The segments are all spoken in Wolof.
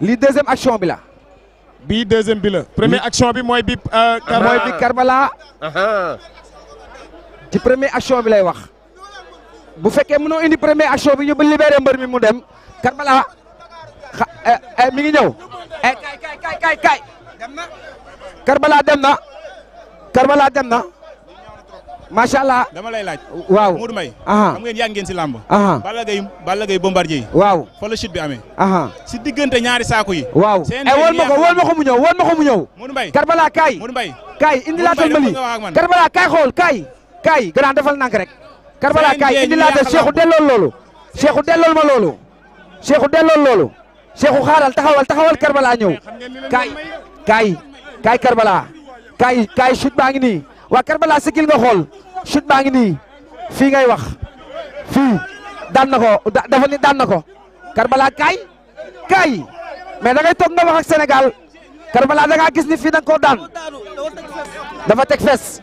li deuxième action bi la. bii deuxième bi la. action bi mooy bi. Euh, mooy bi Karbala. ci première action bi lay wax. bu fekkee mu noo indi première action bi ñu ba libéré mbar mi mu dem Karbala xa eh, eh, mi ngi ñëw. Eh, kay kay kay kay kay. na Karbala dem na Karbala dem na. macha allah dama lay laaj. waaw Modou Mbaye. xam ngeen yàgg ngeen si làmb. Balla Gaye Balla Gaye Bombardier yi. waaw fa la chute bi amee. si diggante ñaari saako yi. waaw seen eh, wol ma ko wol ma ko mu ñëw wol ma ko mu ñëw. Modou Mbaye Karbala kaay. Modou Mbaye kaay indi laa tëmbal yi Karbala kaay xool kaay. kaay grand defal nank rek. Karbala kaay indi laa tëj Cheikhou dellool loolu. Cheikhou dellool ma loolu. Cheikhou dellool loolu. Cheikhou xaaral taxawal taxawal Karbala ñëw. kaay kaay kaay Karbala kaay kaay chute baa ngi nii waa Karbala sigil nga xool chute baa ngi nii fii ngay wax fii daan na ko dafa ni daan na ko Karbala kaay kaay mais da ngay nga wax ak Sénégal Karbala da gis ni fii da nga koo daan dafa teg fees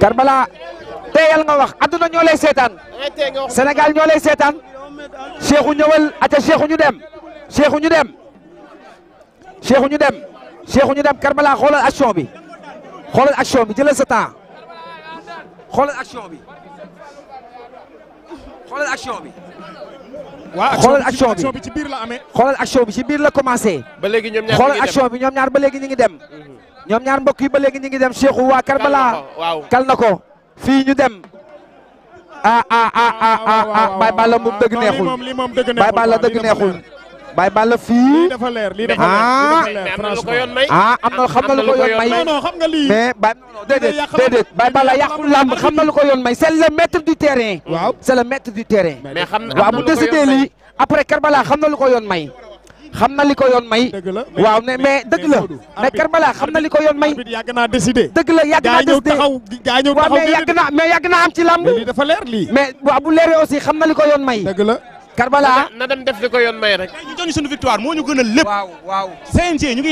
Karbala teeyal nga wax adduna ñoo lay seetaan Sénégal ñoo seetaan Cheikhou ñëwal aca Cheikhou ñu dem Cheikhou ñu dem Cheikhou ñu dem Cheikhou ñu dem Karbala xoolal action bi. xoolal action bi jëlal sa temps xoolal action bi xoolal action bi. waaw xoolal action bi ci biir la amee. xoolal action bi ci biir la commencé. ba léegi ñoom ñaar xoolal bi ñoom ñaar ba léegi ñu ngi dem. ñoom ñaar mbokk yi ba léegi ñu ngi dem Cheikhou waa Karbala. waaw kal na ko fii ñu dem. ah ah ah ah ah Baye Balla moom dëgg neexul Baye Balla dëgg neexul. Baye Balla fii. lii dafa leer lii dafa leer ah am na xam na lu ko yoon may. xam nga lii. mais Baye déedéet déedéet Baye Balla yàqul xam na lu ko yoon may c'est le maître du terrain. waaw c'est le maître du terrain. mais xam na waaw bu décidé lii après Karbala xam na lu ko yoon may. xam na li ko yoon may. dëgg la waaw mais mais dëgg la. mais Karbala xam na li ko yoon may. yàgg naa décidé. dëgg la yàgg naa décidé gaa ñëw taxaw gaa mais yàgg am ci làmb. mais lii dafa leer lii. mais waaw bu leere aussi xam na li ko yoon may. dëgg la Karbala na dem def li ko yoon may rek. tey ñu jox ñu suñu victoire moo ñu gën a lépp. waaw waaw CNG ñu bu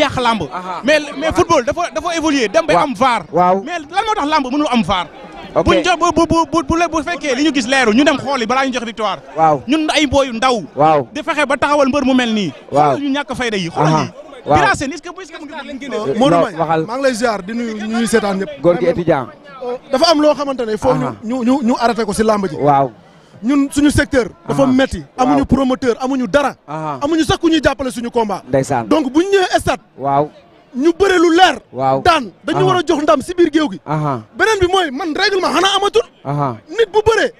ñu jox bu bu bu bu fekkee gis leeru ñu dem xooli balaa ñu jox victoire. waaw ñun ay booyu ndaw. di fexe ba taxawal mbër mu mel nii. waaw ñu ñàkk fayda yi xoolal yi. waaw Bira Sène bu waxal maa ngi lay ziar di nuyu ñu ñuy seetaan ñëpp. góor euh, dafa am loo xamante ne. foo ñu ñu ñu ko si làmb ji. waaw ñun suñu secteur dafa ah. metti amuñu promoteur amuñu dara ah. amuñu sax ku ñuy suñu combat ndeysaan donc bu ñu ñëwee stade waaw ñu bëre lu leer waaw daan dañu ah. war a jox ndam si biir géew gi beneen bi mooy man règlement xanaa amatul nit bu bëree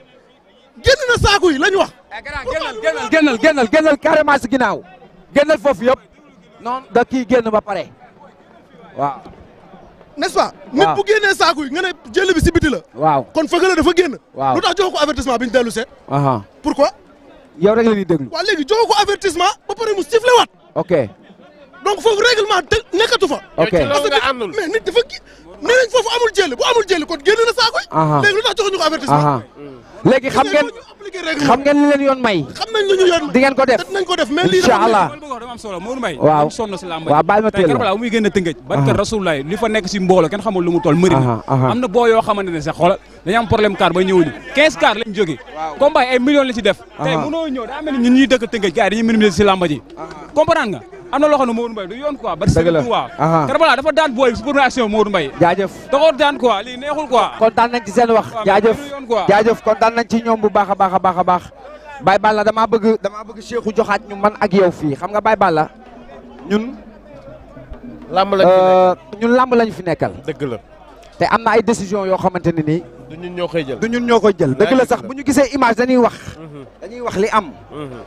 génn na saaku yi wax eh, génnal génnal génnal génnal carrément si ginnaaw génnal foofu yëpp noonu da kii génn ba pare waaw n'est-ce pas. nit bu génnee saako yi nga ne jël bi si biti la. waaw kon fëgale dafa génn. waaw lu tax jox ko avertissement bi ñu dellu see. pourquoi. yow rek la ñuy déglu. waaw léegi jox ko avertissement ba pare mu sifflé waat. ok donc foofu règlement te nekkatu fa. ok parce nit dafa gi nee foofu amul jël bu amul jël kon génn na saako léegi lu tax joxuñu ko avertissement. léegi xam ngeen. xam ngeen li yoon may. xam nañ li ñu yoon di ngeen ko def nañ ko def mais lii incha baal ma teel la muy génn tëngëj barke ah. rasulullah li fa nekk si mbooloo kenn xamul lu mu am na boo yoo xamante ne sax xoolal dañu am problème car ba ñëwuñu 15 car lañ jógee combat ay millions la ci def tey mënoo ñëw daa mel ni ñun ñuy dëkk tëngëj gars yi dañuy minimiser si làmba ji nga am na loxo nu Modou Mbaye du yoon quoi. dëgg la waaw Karbala dafa daan booy pour action Modou Mbaye. jaajëf da koo daan quoi lii neexul quoi. kontaan nañ ci seen wax. jaajëf jaajëf kontaan nañ ci ñoom bu baax a baax a baax a baax. damaa bëgg damaa bëgg Cheikhou joxaat ñu man ak yow fii xam nga baay baala ñun. làmb lañ fi euh, nekkal ñun làmb lañ fi nekkal. dëgg la. te am na ay décision yoo xamante ne nii. du ñun ñoo koy jël du ñun ñoo koy jël. dëgg la sax bu ñu gisee image dañuy wax. Mhm. dañuy wax li am. Mhm.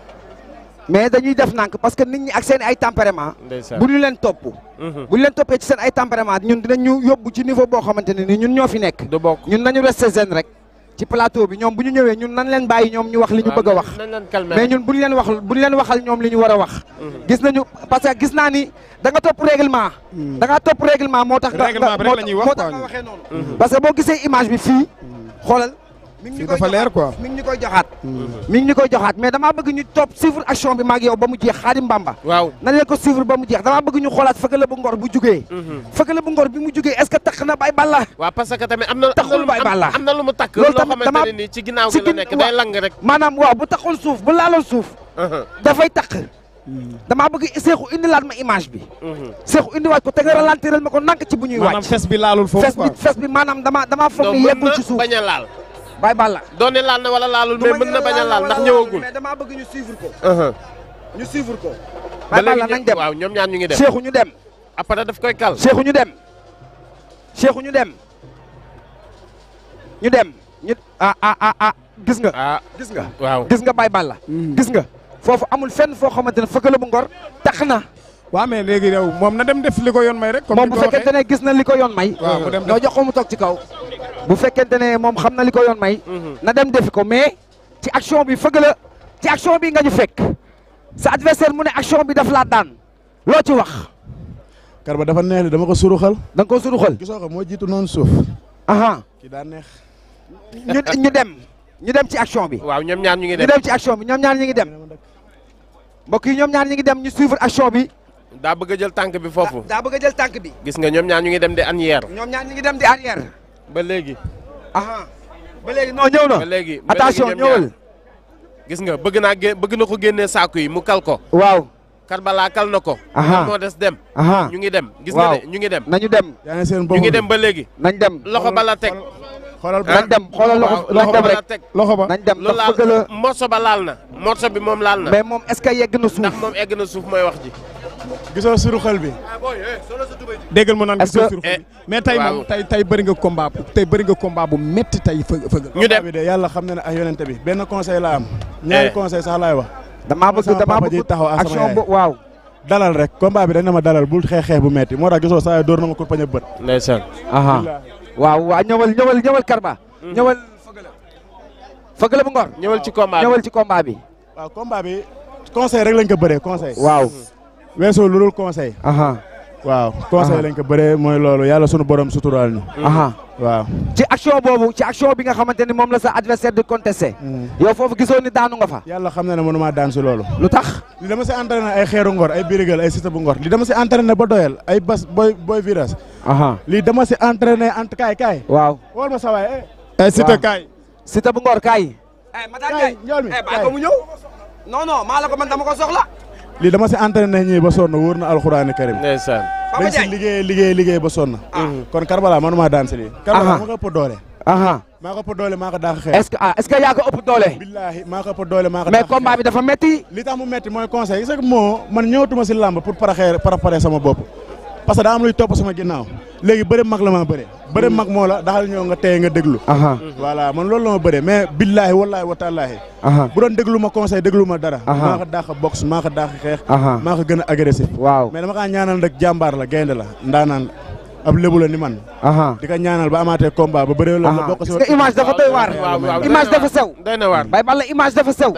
mais dañuy def nànk parce que nit ñi ak seen ay tempérament bu ñu leen topp mhm. bu ñu leen toppee ci seen ay tempérament ñun dinañu yóbbu ci niveau boo xamante ne ni ñun ñoo fi nekk ñun nañu resté zen rek ci plateau bi ñoom bu ñu ñëwee ñun nan leen bàyyi ñoom ñu wax li ñu bëgg wax mais ñun bu ñu leen wax bu ñu leen waxal ñoom li ñu war a wax mhm. gis nañu parce que gis naa ni danga nga topp règlement da nga topp règlement moo mhm. tax moo tax nga waxee noonu parce que boo gisee image bi fii mi dafa leer quoi ñu koy joxaat mm. Mm. mi ngi ñu koy joxaat mais damaa bëgg ñu topp suivre action bi maag ba waaw nan leen mu jeex damaa bëgg ñu xoolaat fëgale bu bu jugee mm-hmm. fëgale bu ngor bi mu jugee est-ce que tax na que am na taxul bay balla am na lu mu takk loolu tamit dama ci ginnaaw gi la nekk day lang suuf bu laaloon suuf uh-huh. dafay takk mm. damaa bëgg seexu indilaat ma image bi mm-hmm. seexu indiwaat ko te nga ralentirel ma ko nank ci bu ñuy wàcc fes bi laalul foofu fes bi maanaam dama foog ne yeggul ci suuf laal Baye Balla doon ne laal na wala laalul mais mën na bañ a laal ndax ñëwagul mais damaa bëgg ñu suivre ko uh-huh. ñu suivre ko Baye Balla nañ dem waaw ñoom ñaar ñu ngi dem ñu dem après daf koy kal Cheikhou ñu dem Cheikhou ñu dem ñu dem ñu ah, ah, ah, ah gis nga gis nga waaw gis nga Baye Balla hmm. gis nga foofu amul fenn foo xamante ne fëkkale bu ngor tax na waaw mais léegi réew moom na dem def li ko yoon may rek moom bu fekkente ne gis na li ko yoon may doo jox ko mu toog ci kaw bu fekkente ne moom xam na li ko yoon may. Mhm. na dem def ko mais ci action bi fëgg la ci action bi nga ñu fekk sa adversaire mu ne action bi daf laa daan loo ci wax. Karba dafa neex dama ko suruxal. da nga ko suruxal. gisoo ko moo jiitu noonu suuf. ki daa neex. ñu ñu dem ñu dem ci action bi. waaw ñoom ñaar ñu ngi dem ñu ci action bi ñoom ñaan ñu ngi dem. mbokk yi ñoom ñaar ñu ngi dem ñu suivre action bi. daa bëgg a jël tànk bi foofu. daa bëgg a jël tànk bi. gis nga ñoom ñaar ñu ngi dem di arrière. ñoom ñaar ñu ngi dem di arrière. ba léegi. Ah, ba léegi non ñëw na. ba léegi attention ñëwal. gis nga bëgg naa gé bëgg na ko génnee saako yi mu kal ko. waaw. Karbala kal na ko. moo des dem. ñu ngi dem gis nga de ñu ngi dem. nañu dem. ñu ngi dem ba léegi. nañ dem loxo ba la teg. xoolal ba nañ dem xoolal loxo nañ dem rek loxo ba nañ dem dafa bëgg la morso ba laal na. morso bi moom laal na. mais moom est-ce que yegg na suuf ndax moom egg na suuf mooy wax ji. gisoo suru xel bi ah, eh, déggal mu naan gisoo suru bi eh, mais tey moom tey tey nga combat tey bëri nga combat bu métti tey fëgg ñu dem bi de yàlla xam na ne ak yonente bi benn conseil la am eh. ñaari conseil sax laay wax damaa bëgg damaa bëgg taxaw ak action bu waaw dalal rek combat bi dañ na ma dalal bul xeex xeex bu métti moo tax gisoo saa door na ma ko pañ a bët ndeysaan aha waaw waaw ñëwal ñëwal ñëwal karba mm-hmm. ñëwal fëgala fëgala bu ngor ñëwal ci combat bi ñëwal bi waaw bi conseil rek la ko bëree conseil waaw mm-hmm. weesoo lu dul conseil. waaw conseil lañ ko bëree mooy loolu yàlla sunu borom suturaal ñu. waaw ci action boobu ci action bi nga xamante ni moom la sa adversaire di contesté. Mm. yow foofu gisoo daanu nga fa. yàlla xam na ne mënuma daan si loolu. lu tax li dama si entraîné ay xeeru ngor ay birigal ay sita li dama si entraîné ba doyal ay bas boy boy virage. lii dama si entraîné ant kaay kaay. waaw wol ma sa waay. Eh. Eh, lii dama si entraîné ñii ba sonn wóor na alxuraani karim. ndeysaan dañ si liggéey liggéey liggéey ba sonn. Ah. Mm-hmm. kon Karbala manuma daan si maa ko ëpp doole maa ko daax xeex. est ah, yaa ko ëpp doole. billaahi maa ko ëpp doole maa ko daax mais combat bi dafa metti. li tax mu metti mooy conseil gis nga moo man ñëwatuma si làmb pour paraxeer préparer sama bopp parce que daa am luy topp sama ginnaaw léegi bëri mag la maa bëre bëri mag moo la daxal ñëw nga tey nga déglu voilà man loolu la ma bëre mais billaahi wallaahi wa bu doon déglu ma conseil déglu ma dara maa ko dàq boxe maa ko dàq xeex maa ko gën a agressif waaw dama kaa ñaanal rek jàmbaar la gaynde la ndaanaan ab lébu la ni man di ko ñaanal ba amaatee combat ba bëree la bokk gis nga image image dafa sew bay balla image dafa sew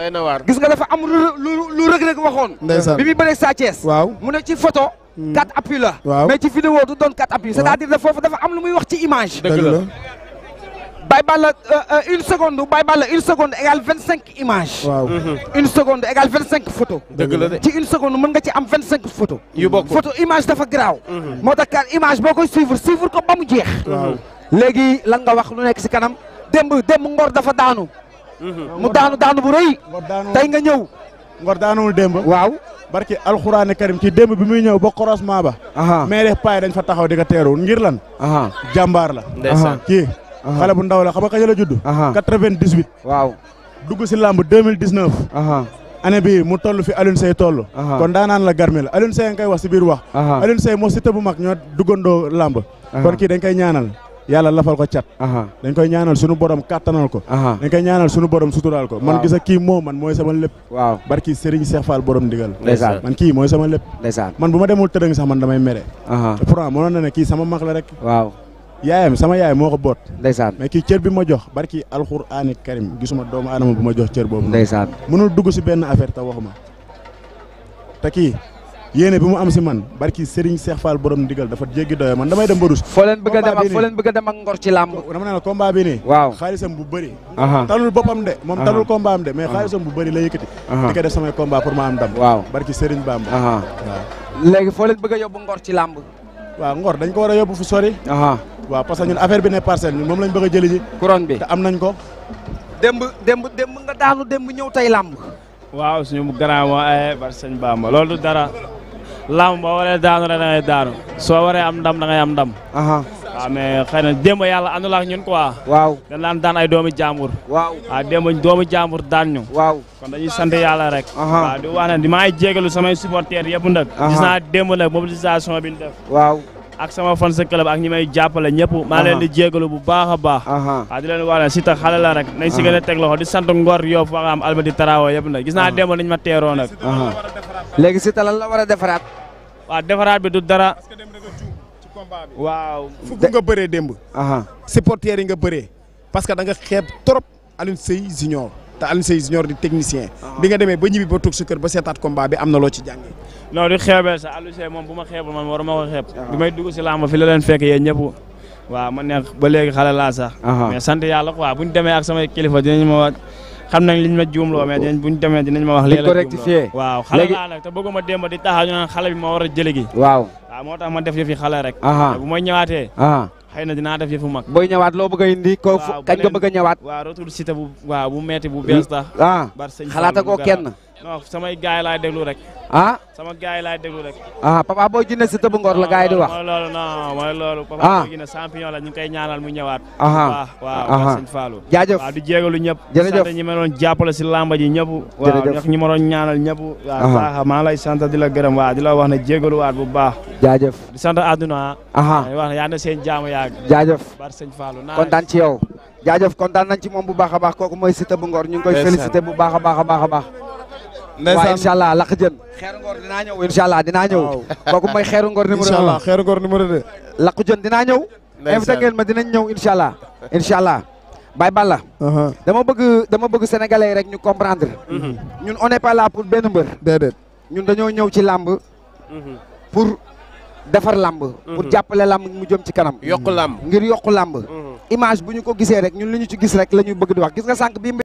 doy Hmm. quatre appuis la. mais ci vidéo du doon quatre appuis. cest foofu dafa am lu muy wax ci image. dëgg la Baye Balla euh, euh, une seconde Baye Balla une seconde égale vingt cinq images. waaw mhm. une seconde égale vingt cinq photos. dëgg ci une seconde mën nga ci am vint cinq photos. yu bokk photo image dafa garaaw. Mhm. moo tax kat image boo koy suivre suivre ko ba mu jeex. waaw léegi lan wax lu nekk si kanam dem démb ngor dafa daanu. Mhm. mu daanu daanu bu rëy. tey nga ñëw. Ngor daanul démb. waaw barki alxuraani karim ci démb bi muy ñëw ba croisement ba. mais de dañ fa taxaw di ko teeru ngir lan. jàmbaar la. ndeysaan kii. xale bu ndaw la xam nga kañ la judd. 98. waaw dugg si làmb 2019. année bi mu toll fi Alioune Seye toll. kon daanaan la garmi la Alioune Seye nga koy wax si biir wax. Alioune Seye moo si bu mag ñoo duggandoo lamb kon kii dañ koy ñaanal. yàlla lafal ko cat dañ koy ñaanal suñu borom kattanal ko dañ koy ñaanal suñu borom suturaal ko man gis kii moo man mooy sama lépp waaw barki Serigne Cheikh Fall borom man mooy sama lépp man bu ma demul tëddëng sax man damay mere te pourtant mënoon na ne kii sama mag la rek waaw yaayam sama yaay moo ko boot ndeysaan mais kii cër bi ma jox barki alxuraani karim gisuma doomu aadama bu ma jox cër boobu ndeysaan mënul dugg si benn affaire te waxuma te kii yéene bi mu am si man barki Serigne Cheikh Fall borom ndigal dafa jéggi doyo man damay dem ba dus foo leen bëgg a ngor ci làmb waaw xaalisam bu bëri talul boppam moom talul bu bëri la yëkkati di ko def barki Serigne Bamba waaw foo leen bëgg a yóbbu ngor ci làmb waaw ngor dañ ko war a fu sori waaw parce que ñun ne parcelle ñun moom lañ bëgg a jëli ji couronne bi te am nañ ko démb démb démb nga daanu démb ñëw tey làmb waaw suñu garaamoo ay eh, bar sëñ Bamba loolu dara lamb boo waree daanu rek da ngay daanu soo waree am ndam da ngay am ndam. waaw mais xëy na démb yàlla àndul ak ñun quoi. waaw dañ daan daan ay doomu jàmbur. waaw waaw démb doomu jàmbur daan ñu. waaw kon dañuy sant yàlla rek. waaw di wax ne maa ngi jégalu samay supporters yëpp nag. gis naa démb nag mobilisation bi ñu def. waaw ak sama fan sa ak ñi may jàppale ñëpp. maa leen di jégalu bu baax a baax. di leen wax ne si ta xale la rek. nañ si gën a teg di sant Ngor Yoff Waxam Almadi Traoré yëpp nag gis naa démb nañ ma teeroo léegi Siteu lan la war a defaraat. waaw defaraat bi du dara. waaw. fukk nga bëree démb. supporters yi nga bëree. parce que da nga xeeb trop Alioune Seye junior te Alioune Seye junior di technicien. bi nga demee ba ñibbi ba toog sa kër ba seetaat combat bi am na loo ci jàngee. non di xeebee sa Alioune Seye moom bu ma xeebul man waruma ko xeeb. bi may dugg si làmb fi la leen fekk yéen ñëpp. waaw ma neex ba léegi xale laa sax. mais sant yàlla quoi bu ñu demee ak samay kilifa dinañ ma xam nañ liñ ma juumloo mais dinañ buñ demee dinañ ma wax léegi ko rectifier waaw xale laa nag te bëgguma démb di taxaw ñu naan xale bi moo war a jëli waaw moo tax ma def yëfi xale rek bu may ñëwaatee xëy na dinaa def yëfu mag booy ñëwaat loo bëgg a indi ko kañ ko bëgg a ñëwaat waaw retour cité bu waaw bu metti bu bees tax xalaat a ko kenn non samay gaay yi déglu rek. ah sama gaay yi laay déglu rek. ah papa boo jinne si tëbu la gaay yi di wax. mooy loolu non mooy loolu. papa ah. boo jinne champion la ñu ngi koy ñaanal mu ñëwaat. Ah, ah. waaw waaw sëñ Fallou. jaajëf waaw ñëpp. jërëjëf ñi ma doon jàppale si lamba ji ñëpp. jërëjëf waaw ñi ñaanal ñëpp. waaw baax maa lay sant di la gërëm waaw di la wax ne jégaluwaat bu baax. jaajëf di sant àdduna. di wax ne na seen jaamu yaag. jaajëf bar sëñ Fallou kontaan ci yow jaajëf kontaan nañ ci moom bu baax a baax kooku mooy ñu ngi koy félicité bu baax a a baax a baax waaye incha allah lakk jën xeeru ngor dinaa ñëw incha allah dinaa ñëw kooku mooy xeeru ngor numéro incha allah xeeru ngor numéro deux lakk jën dinaa ñëw invité ngeen ma dinañ ñëw incha allah Balla uh-huh. dama bëgg dama bëgg sénégalais rek ñu comprendre mm-hmm. ñun on n'est la là pour benn mbër ñun dañoo ñëw ci làmb mm-hmm. pour defar làmb pour mm-hmm. jàppale làmb mu jëm ci kanam yokk làmb ngir yokk làmb image bu ñu ko gisee rek ñun li ñu ci gis rek la bëgg di wax gis nga sànq bi